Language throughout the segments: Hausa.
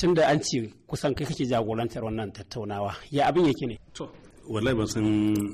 tun da an ce kusan kai kake jagorantar wannan tattaunawa ya abin yake ne to wallahi ban san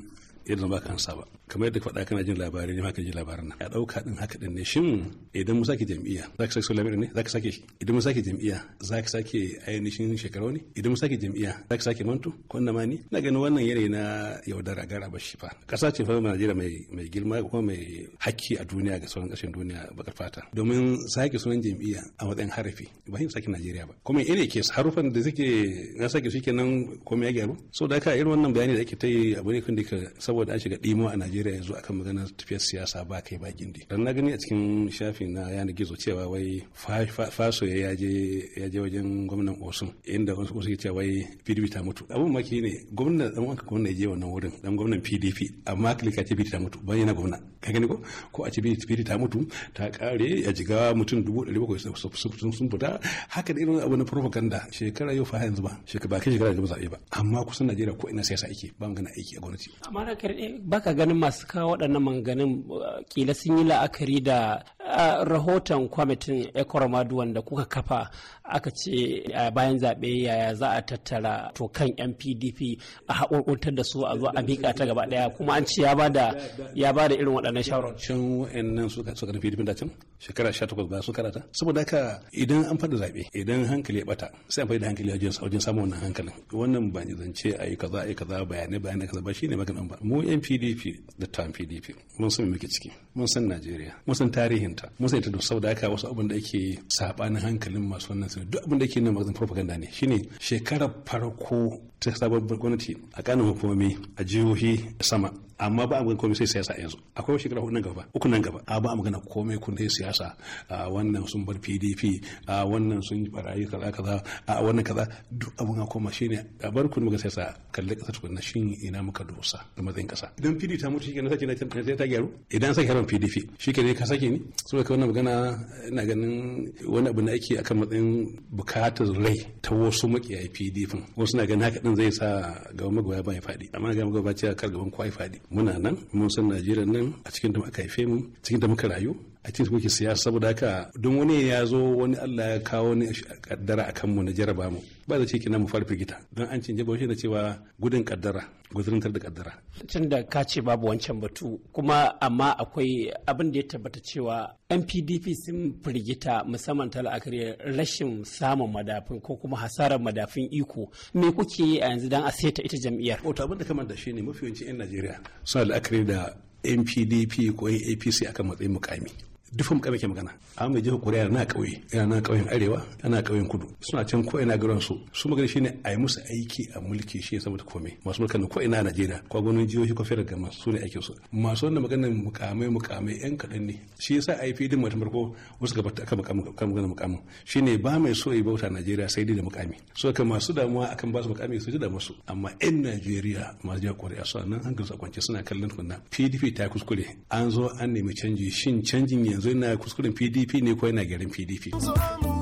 idan ba ka ansa ba kamar yadda faɗa kana jin labarai ne haka jin labarin nan a ɗauka ɗin haka ɗin ne shin idan mu sake jam'iyya za ka sake ne za ka sake idan mu sake jam'iyya za ka sake ainihin shekaru ne idan mu sake jam'iyya za ka sake mantu ko na mani na ganin wannan yanayi na yaudara gara ba shi fa ƙasa ce fa Najeriya mai mai girma ko mai hakki a duniya ga sauran ƙasashen duniya ka fata domin sake sunan jam'iyya a matsayin harafi ba hin sake Najeriya ba kuma ina ke harufan da suke na sake shi kenan ko ya gyaru so da ka irin wannan bayani da ake ta yi abu ne kun da saboda an shiga ɗimo a najeriya yanzu akan maganar tafiyar siyasa ba kai ba gindi dan na gani a cikin shafi na yana gizo cewa wai faso ya je ya je wajen gwamnan osun inda wasu ko suke cewa wai pdp ta mutu abun maki ne gwamnan dan wanka gwamnan ya je wannan wurin dan gwamnan pdp amma kilika ce pdp ta mutu ban yana gwamna ka gani ko ko a ce pdp ta mutu ta kare ya jiga mutum dubu ɗari bakwai sun fita haka da irin abu na propaganda shekara yau fa yanzu ba shekara ba kai shekara da ba zaɓe ba amma kusan najeriya ko ina siyasa ake ba magana aiki a gwamnati amma Eh, baka ganin masu kawo waɗannan manganin uh, kila sun yi la'akari da rahoton kwamitin ekoromadu wanda kuka kafa aka ce bayan zaɓe yaya za a tattara to kan yan pdp a haƙurƙuntar da su a zo a miƙa ta gaba ɗaya kuma an ce ya ba da irin waɗannan shawarar can wa'annan suka suka na pdp da can shekara 18 ba su karata saboda haka idan an faɗi zaɓe idan hankali ya ɓata sai an faɗi da hankali wajen samun wannan hankalin wannan ba ni zance a yi kaza a yi kaza bayanai bayanai kaza ba shine maganan ba mu yan pdp da ta pdp mun san me muke ciki mun san najeriya mun san tarihin ta mun san ita da saboda haka wasu abin da yake sabanin hankalin masu wannan sanar duk abin da yake nuna magazin propaganda ne shine shekarar farko ta sabon gwamnati a kanin hukumomi a jihohi sama amma ba a magana komai sai siyasa yanzu akwai shekara hudu nan gaba uku nan gaba a ba a magana komai kun dai siyasa a wannan sun bar PDP a wannan sun barayi kaza kaza a wannan kaza duk abun a koma ne a bar kun muka siyasa kalli kasa na shin ina muka dosa da matsayin kasa idan PDP ta mutu shi sake na ta gyaru idan sake haram PDP shi ke ne ka sake ni saboda ka wannan magana ina ganin wani abu na ake akan matsayin bukatar rai ta wasu makiyayi PDP wasu na ganin haka din zai sa gaban magoya ba ya faɗi amma gaban magoya ba ce kar gaban kwa ya faɗi muna nan mun san najeriya nan a cikin da aka haife mu cikin da muka rayu a cikin kuke siyasa saboda haka don wani ya zo wani Allah ya kawo ni kaddara a kanmu na jaraba mu ba da ciki na mu farfi gita don an canje baushe na cewa gudun kaddara guzurintar da kaddara tun da ka ce babu wancan batu kuma amma akwai abin da ya tabbata cewa NPDP sun firgita musamman ta la'akari rashin samun madafin ko kuma hasarar madafin iko me kuke yi a yanzu don a seta ita jam'iyyar wato abin da kamar da shi ne mafi 'yan Najeriya suna la'akari da NPDP ko APC akan matsayin mukami dufin kabe ke magana amma mai jihar kuri'a na kauye yana na kauyen arewa yana kauyen kudu suna can ko ina garin su su magana shine a yi musu aiki a mulki shi ya saboda komai masu mulkan ko ina Najeriya ko gwanin jihohi ko fere gama su ne aikin su masu wannan maganar mukamai mukamai yan kaɗan ne shi yasa a yi fidin mutum farko wasu ta aka mukamin kan maganar shine ba mai so yi bauta Najeriya sai dai da mukami so kan masu damuwa akan ba su mukami su ji da musu amma yan Najeriya masu jihar Koriya su nan hankalin su kwance suna kallon kunna PDP ta kuskure an zo an nemi canji shin canjin yanzu yana kuskuren pdp ne ko yana garin pdp